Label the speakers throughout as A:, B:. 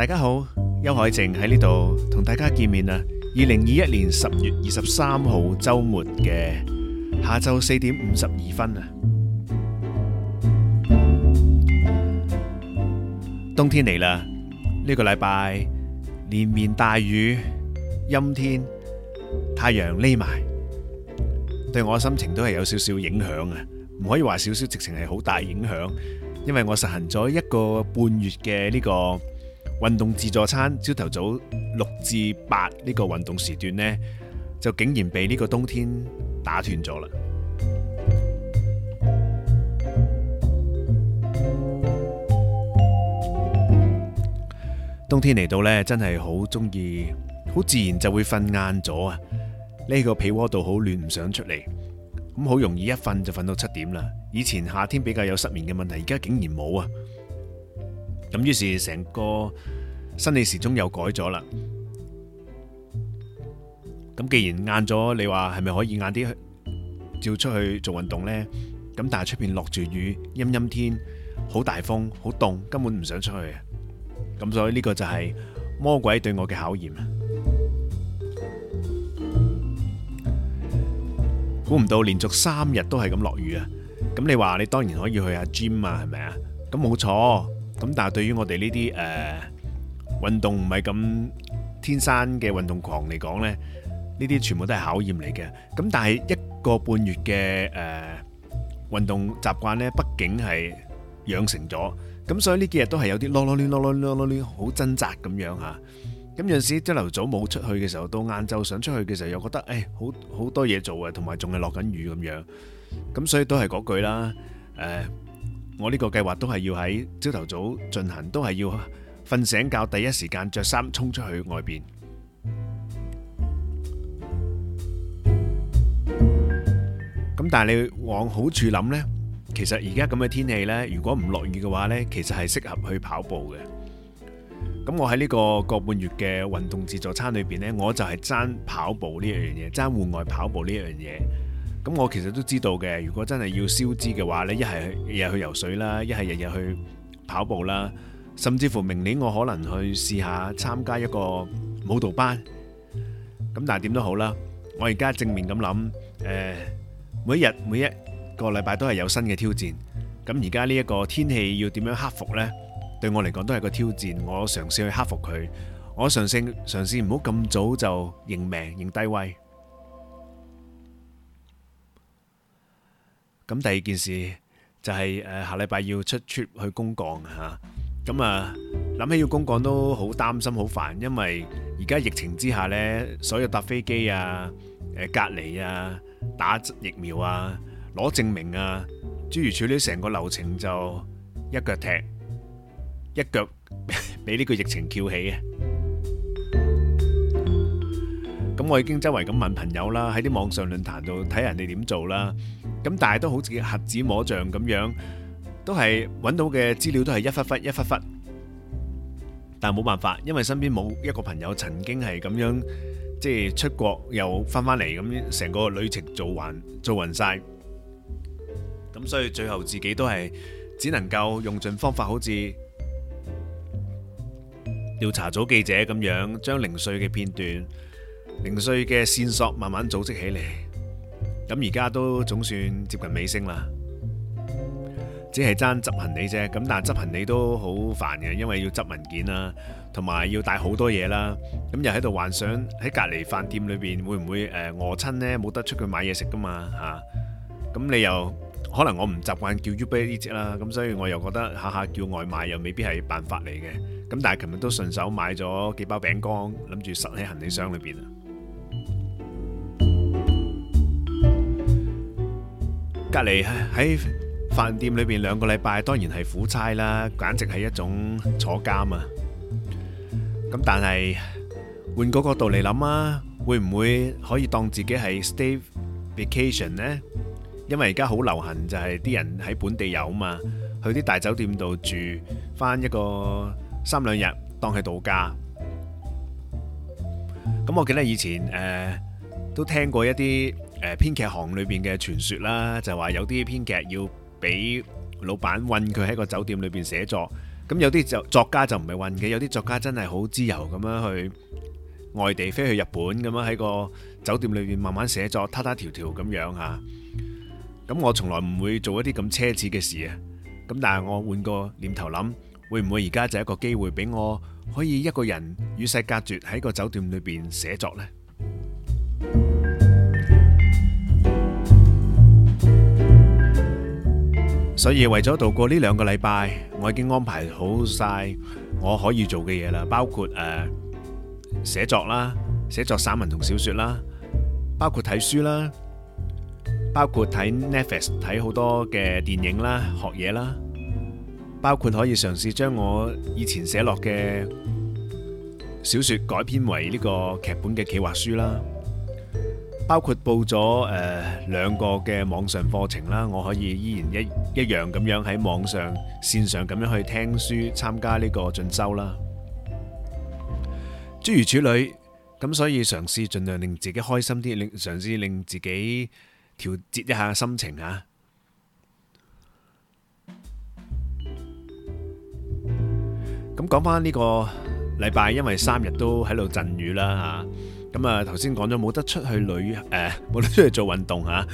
A: 大家好，邱海靜喺呢度同大家見面啦。二零二一年十月二十三號周末嘅下晝四點五十二分啊，冬天嚟啦。呢個禮拜連綿大雨，陰天，太陽匿埋，對我心情都係有少少影響啊。唔可以話少少，直情係好大影響，因為我實行咗一個半月嘅呢個。運動自助餐朝頭早六至八呢個運動時段呢，就竟然被呢個冬天打斷咗啦！冬天嚟到呢，真係好中意，好自然就會瞓晏咗啊！呢個被窩度好暖，唔想出嚟咁，好容易一瞓就瞓到七點啦。以前夏天比較有失眠嘅問題，而家竟然冇啊！咁於是成個生理時鐘又改咗啦。咁既然晏咗，你話係咪可以晏啲去，照出去做運動呢？咁但係出邊落住雨，陰陰天，好大風，好凍，根本唔想出去。咁所以呢個就係魔鬼對我嘅考驗啊！估唔到連續三日都係咁落雨啊！咁你話你當然可以去下 gym 啊，係咪啊？咁冇錯。咁但係對於我哋呢啲誒運動唔係咁天生嘅運動狂嚟講呢，呢啲全部都係考驗嚟嘅。咁但係一個半月嘅誒運動習慣呢，畢竟係養成咗。咁所以呢幾日都係有啲攞攞攣攞攣攞攣好掙扎咁樣嚇。咁有陣時朝頭早冇出去嘅時候，到晏晝想出去嘅時候又覺得誒好好多嘢做啊，同埋仲係落緊雨咁樣。咁所以都係嗰句啦，誒。我呢個計劃都係要喺朝頭早進行，都係要瞓醒覺第一時間着衫衝出去外邊。咁但係你往好處諗呢，其實而家咁嘅天氣呢，如果唔落雨嘅話呢，其實係適合去跑步嘅。咁我喺呢個個半月嘅運動自助餐裏邊呢，我就係爭跑步呢樣嘢，爭戶外跑步呢樣嘢。咁我其實都知道嘅，如果真係要消脂嘅話呢，一係日日去游水啦，一係日日去跑步啦，甚至乎明年我可能去試下參加一個舞蹈班。咁但係點都好啦，我而家正面咁諗，誒，每一日每一個禮拜都係有新嘅挑戰。咁而家呢一個天氣要點樣克服呢？對我嚟講都係個挑戰，我嘗試去克服佢，我嘗試嘗試唔好咁早就認命認低威。咁第二件事就係誒，下禮拜要出 trip 去公幹吓，咁，啊諗起要公幹都好擔心好煩，因為而家疫情之下呢，所有搭飛機啊、誒隔離啊、打疫苗啊、攞證明啊，諸如此類，成個流程就一腳踢，一腳俾呢個疫情翹起嘅。咁我已經周圍咁問朋友啦，喺啲網上論壇度睇人哋點做啦。咁但係都好似盒子摸象咁樣，都係揾到嘅資料都係一忽忽一忽忽，但係冇辦法，因為身邊冇一個朋友曾經係咁樣，即係出國又翻翻嚟咁，成個旅程做渾做渾晒，咁所以最後自己都係只能夠用盡方法，好似調查組記者咁樣，將零碎嘅片段、零碎嘅線索慢慢組織起嚟。咁而家都總算接近尾聲啦，只係爭執行李啫。咁但係執行李都好煩嘅，因為要執文件啦，同埋要帶好多嘢啦。咁又喺度幻想喺隔離飯店裏邊會唔會誒餓親呢？冇得出去買嘢食噶嘛嚇。咁你又可能我唔習慣叫 Uber 呢隻啦，咁所以我又覺得下下叫外賣又未必係辦法嚟嘅。咁但係琴日都順手買咗幾包餅乾，諗住塞喺行李箱裏邊啊。隔離喺飯店裏邊兩個禮拜，當然係苦差啦，簡直係一種坐監啊！咁但係換個角度嚟諗啊，會唔會可以當自己係 stay vacation 呢？因為而家好流行就係啲人喺本地遊啊嘛，去啲大酒店度住翻一個三兩日，當係度假。咁我記得以前誒，都聽過一啲。誒，編劇行裏邊嘅傳說啦，就話有啲編劇要俾老闆困佢喺個酒店裏邊寫作，咁有啲就作家就唔係困嘅，有啲作家真係好自由咁樣去外地飛去日本咁樣喺個酒店裏邊慢慢寫作，他他條條咁樣啊，咁我從來唔會做一啲咁奢侈嘅事啊。咁但係我換個念頭諗，會唔會而家就係一個機會俾我可以一個人與世隔絕喺個酒店裏邊寫作呢？所以為咗度過呢兩個禮拜，我已經安排好晒我可以做嘅嘢啦，包括誒寫作啦，寫作散文同小說啦，包括睇書啦，包括睇 Netflix 睇好多嘅電影啦，學嘢啦，包括可以嘗試將我以前寫落嘅小說改編為呢個劇本嘅企劃書啦。包括報咗誒、呃、兩個嘅網上課程啦，我可以依然一一樣咁樣喺網上線上咁樣去聽書、參加呢個進修啦。諸如此類，咁所以嘗試盡量令自己開心啲，嘗試令自己調節一下心情啊。咁講返呢個禮拜，因為三日都喺度陣雨啦嚇。咁啊，頭先講咗冇得出去旅，誒、呃、冇得出去做運動嚇，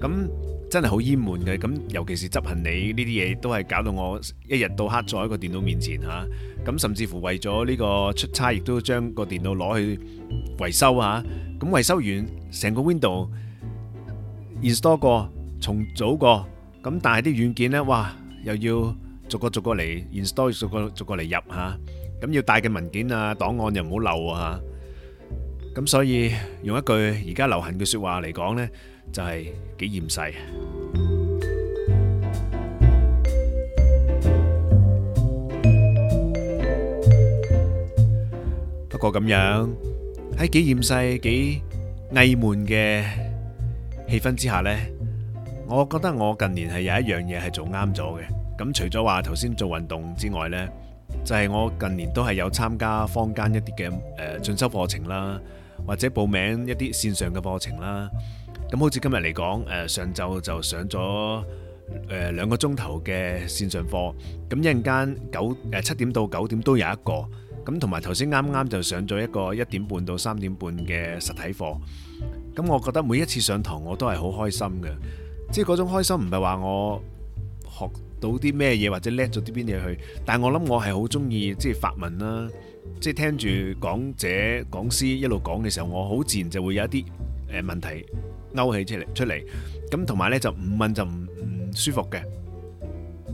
A: 咁、啊、真係好翳悶嘅。咁尤其是執行你呢啲嘢，都係搞到我一日到黑坐喺個電腦面前嚇。咁、啊、甚至乎為咗呢個出差，亦都將個電腦攞去維修嚇。咁、啊、維修完，成個 Window install 過，重組過，咁但係啲軟件呢，哇，又要逐個逐個嚟 install，逐個逐個嚟入嚇。咁、啊、要帶嘅文件啊、檔案又唔好漏啊。咁所以用一句而家流行嘅說話嚟講呢，就係幾厭世。不過咁樣喺幾厭世、幾翳悶嘅氣氛之下呢，我覺得我近年係有一樣嘢係做啱咗嘅。咁除咗話頭先做運動之外呢，就係我近年都係有參加坊間一啲嘅誒進修課程啦。或者報名一啲線上嘅課程啦，咁好似今日嚟講，誒、呃、上晝就上咗誒兩個鐘頭嘅線上課，咁一陣間九誒、呃、七點到九點都有一個，咁同埋頭先啱啱就上咗一個一點半到三點半嘅實體課，咁我覺得每一次上堂我都係好開心嘅，即係嗰種開心唔係話我學到啲咩嘢或者叻咗啲咩嘢去，但係我諗我係好中意即係法文啦。即係聽住講者講師一路講嘅時候，我好自然就會有一啲誒問題勾起出嚟出嚟，咁同埋呢就唔問就唔唔舒服嘅，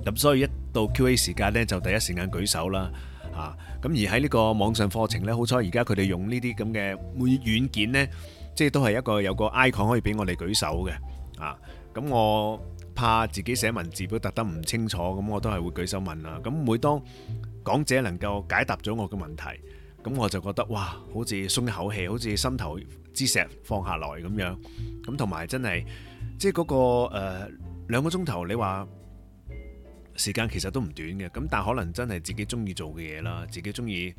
A: 咁所以一到 Q&A 時間呢，就第一時間舉手啦，嚇，咁而喺呢個網上課程呢，好彩而家佢哋用呢啲咁嘅軟軟件呢，即係都係一個有個 icon 可以俾我哋舉手嘅，啊，咁我怕自己寫文字表達得唔清楚，咁我都係會舉手問啦，咁每當講者能夠解答咗我嘅問題，咁我就覺得哇，好似鬆一口氣，好似心頭之石放下來咁樣。咁同埋真係，即係嗰個誒兩個鐘頭，你話時間其實都唔短嘅。咁但可能真係自己中意做嘅嘢啦，自己中意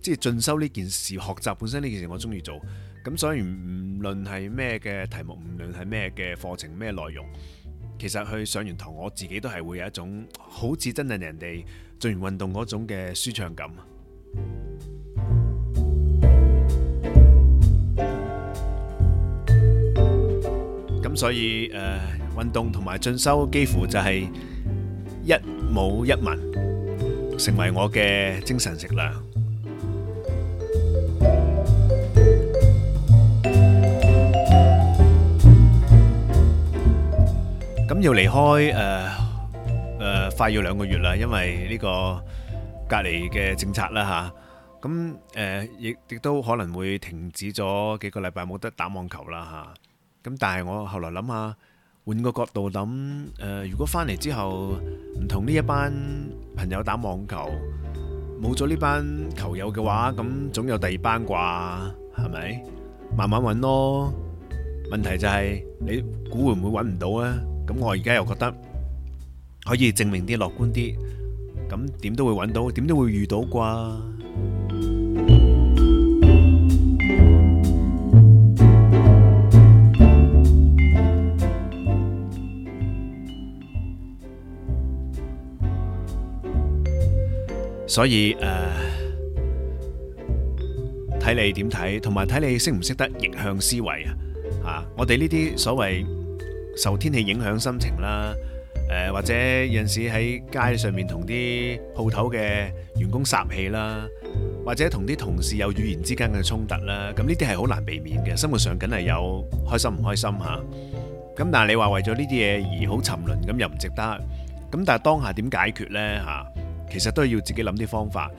A: 即係進修呢件事，學習本身呢件事我中意做。咁所以唔論係咩嘅題目，唔論係咩嘅課程咩內容，其實去上完堂，我自己都係會有一種好似真係人哋做完運動嗰種嘅舒暢感，咁所以誒運動同埋進修幾乎就係一武一文，成為我嘅精神食糧。咁要離開誒。快要兩個月啦，因為呢個隔離嘅政策啦吓，咁誒亦亦都可能會停止咗幾個禮拜冇得打網球啦吓。咁但係我後來諗下，換個角度諗，誒如果翻嚟之後唔同呢一班朋友打網球，冇咗呢班球友嘅話，咁總有第二班啩，係咪？慢慢揾咯。問題就係你估會唔會揾唔到啊？咁我而家又覺得。可以證明啲樂觀啲，咁點都會揾到，點都會遇到啩。所以誒，睇你點睇，同埋睇你識唔識得逆向思維啊！嚇，我哋呢啲所謂受天氣影響心情啦。誒，或者有陣時喺街上面同啲鋪頭嘅員工撒氣啦，或者同啲同事有語言之間嘅衝突啦，咁呢啲係好難避免嘅。生活上梗係有開心唔開心吓，咁但係你話為咗呢啲嘢而好沉淪，咁又唔值得。咁但係當下點解決呢吓？其實都係要自己諗啲方法，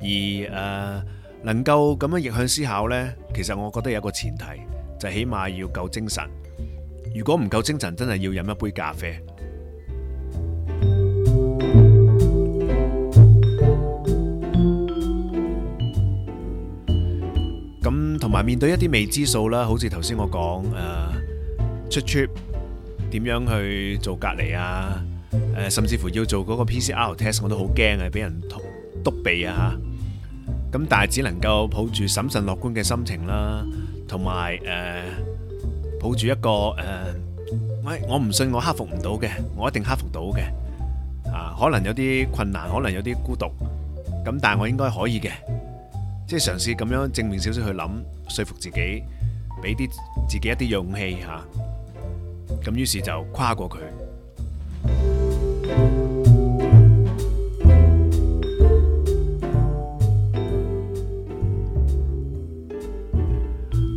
A: 而誒能夠咁樣逆向思考呢，其實我覺得有一個前提就係起碼要夠精神。如果唔夠精神，真係要飲一杯咖啡。咁同埋面對一啲未知數啦，好似頭先我講誒，出 trip 點樣去做隔離啊？誒，甚至乎要做嗰個 PCR test，我都好驚啊，俾人篤鼻啊吓！咁但係只能夠抱住審慎樂觀嘅心情啦，同埋誒，抱住一個誒，我我唔信我克服唔到嘅，我一定克服到嘅。啊，可能有啲困難，可能有啲孤獨，咁但係我應該可以嘅。即係嘗試咁樣正面少少去諗，說服自己，俾啲自己一啲勇氣吓。咁於是就跨過佢。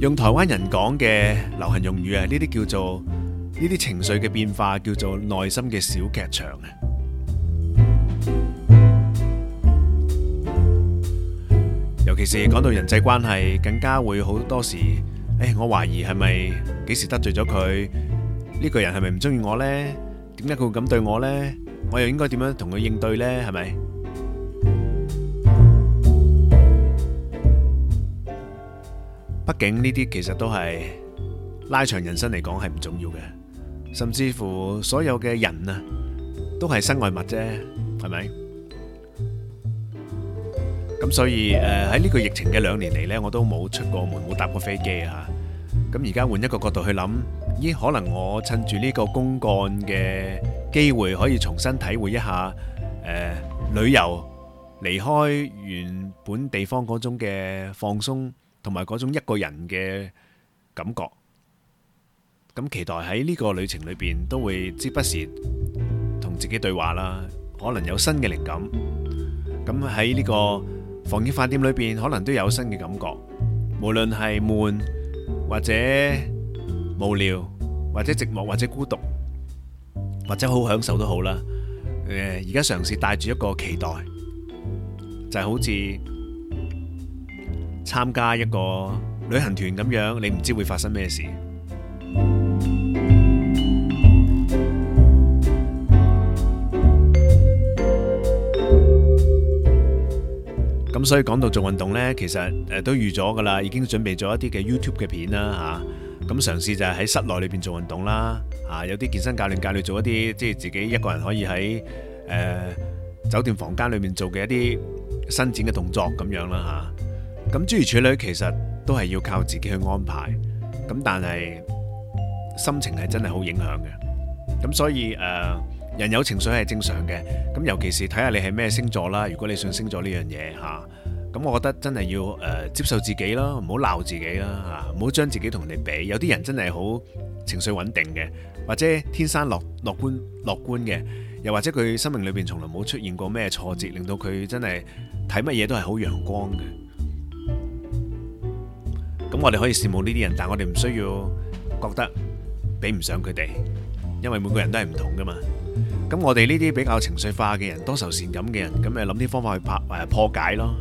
A: 用台灣人講嘅流行用語啊，呢啲叫做，呢啲情緒嘅變化叫做內心嘅小劇場。尤其是講到人際關係，更加會好多時，誒，我懷疑係咪幾時得罪咗佢？呢個人係咪唔中意我呢？點解佢會咁對我呢？我又應該點樣同佢應對呢？係咪？畢竟呢啲其實都係拉長人生嚟講係唔重要嘅，甚至乎所有嘅人啊，都係身外物啫，係咪？咁所以誒，喺呢個疫情嘅兩年嚟呢，我都冇出過門，冇搭過飛機啊！咁而家換一個角度去諗，咦？可能我趁住呢個公幹嘅機會，可以重新體會一下誒旅遊，離開原本地方嗰種嘅放鬆，同埋嗰種一個人嘅感覺。咁期待喺呢個旅程裏邊，都會時不時同自己對話啦，可能有新嘅靈感。咁喺呢個。防疫飯店裏邊可能都有新嘅感覺，無論係悶或者無聊，或者寂寞，或者孤獨，或者好享受都好啦。誒，而家嘗試帶住一個期待，就係好似參加一個旅行團咁樣，你唔知會發生咩事。咁所以講到做運動呢，其實誒都預咗噶啦，已經準備咗一啲嘅 YouTube 嘅片啦嚇。咁嘗試就係喺室內裏邊做運動啦。嚇，有啲健身教練教你做一啲即係自己一個人可以喺、呃、酒店房間裏面做嘅一啲伸展嘅動作咁樣啦嚇。咁、啊、諸如此類其實都係要靠自己去安排。咁但係心情係真係好影響嘅。咁所以誒。呃人有情緒係正常嘅，咁尤其是睇下你係咩星座啦。如果你信星座呢樣嘢嚇，咁我覺得真係要誒接受自己啦，唔好鬧自己啦嚇，唔好將自己同人哋比。有啲人真係好情緒穩定嘅，或者天生樂樂觀樂觀嘅，又或者佢生命裏邊從來冇出現過咩挫折，令到佢真係睇乜嘢都係好陽光嘅。咁我哋可以羨慕呢啲人，但係我哋唔需要覺得比唔上佢哋，因為每個人都係唔同㗎嘛。咁我哋呢啲比較情緒化嘅人，多愁善感嘅人，咁咪諗啲方法去破解咯。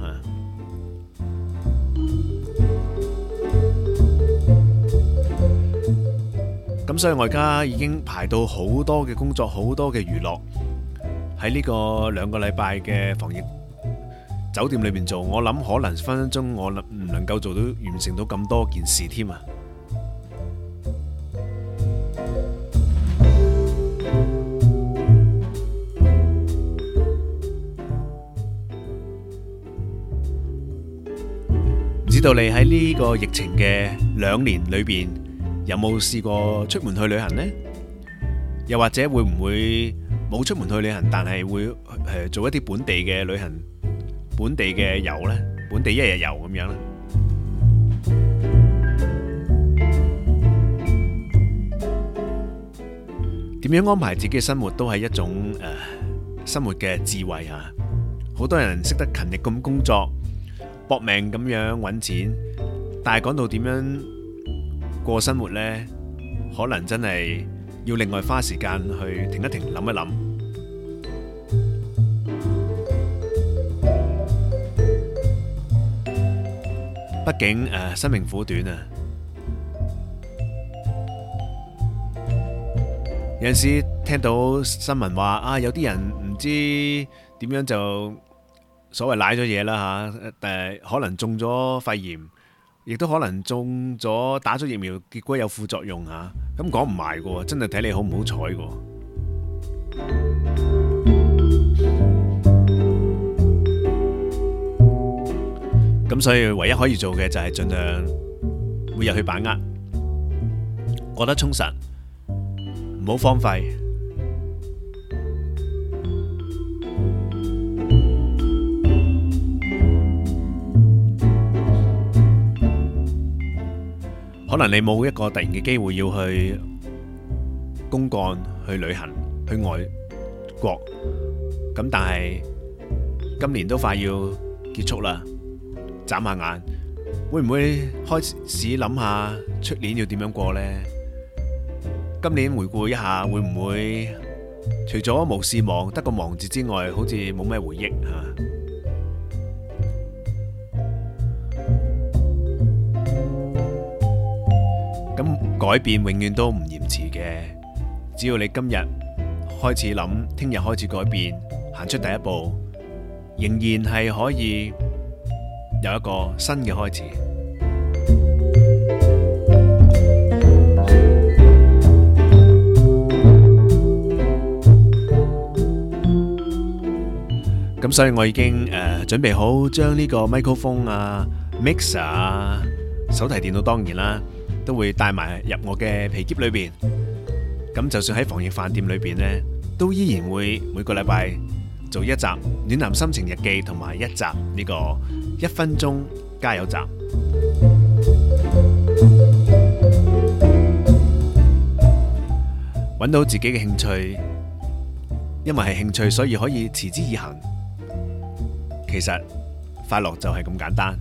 A: 咁、嗯、所以我而家已經排到好多嘅工作，好多嘅娛樂喺呢個兩個禮拜嘅防疫酒店裏面做。我諗可能分分鐘我唔能夠做到完成到咁多件事添啊！到你喺呢個疫情嘅兩年裏邊，有冇試過出門去旅行呢？又或者會唔會冇出門去旅行，但係會、呃、做一啲本地嘅旅行、本地嘅遊呢？本地一日遊咁樣呢？點樣安排自己嘅生活都係一種、呃、生活嘅智慧啊！好多人識得勤力咁工作。搏命咁樣揾錢，但係講到點樣過生活呢，可能真係要另外花時間去停一停、諗一諗。畢竟誒，生命苦短啊！有陣時聽到新聞話啊，有啲人唔知點樣就～所謂賴咗嘢啦吓，誒可能中咗肺炎，亦都可能中咗打咗疫苗結果有副作用吓，咁講唔埋噶，真係睇你好唔好彩噶。咁所以唯一可以做嘅就係盡量每日去把握，過得充實，唔好荒廢。可能你冇一個突然嘅機會要去公幹、去旅行、去外國，咁但係今年都快要結束啦，眨下眼，會唔會開始諗下出年要點樣過呢？今年回顧一下，會唔會除咗無事忙得個忙字之外，好似冇咩回憶吓？咁改變永遠都唔嫌遲嘅，只要你今日開始諗，聽日開始改變，行出第一步，仍然係可以有一個新嘅開始。咁 所以我已經誒、呃、準備好將呢個 microphone 啊、mixer 啊、手提電腦當然啦。都會帶埋入我嘅皮夾裏邊，咁就算喺防疫飯店裏邊呢，都依然會每個禮拜做一集《暖男心情日記》同埋一集呢個一分鐘加油集。搵到自己嘅興趣，因為係興趣，所以可以持之以恆。其實快樂就係咁簡單。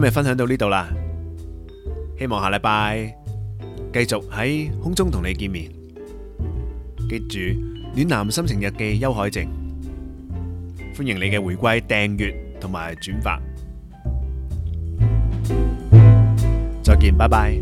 A: 今日分享到呢度啦，希望下禮拜繼續喺空中同你見面。記住《暖男心情日記》邱海靜，歡迎你嘅回歸，訂閱同埋轉發。再見，拜拜。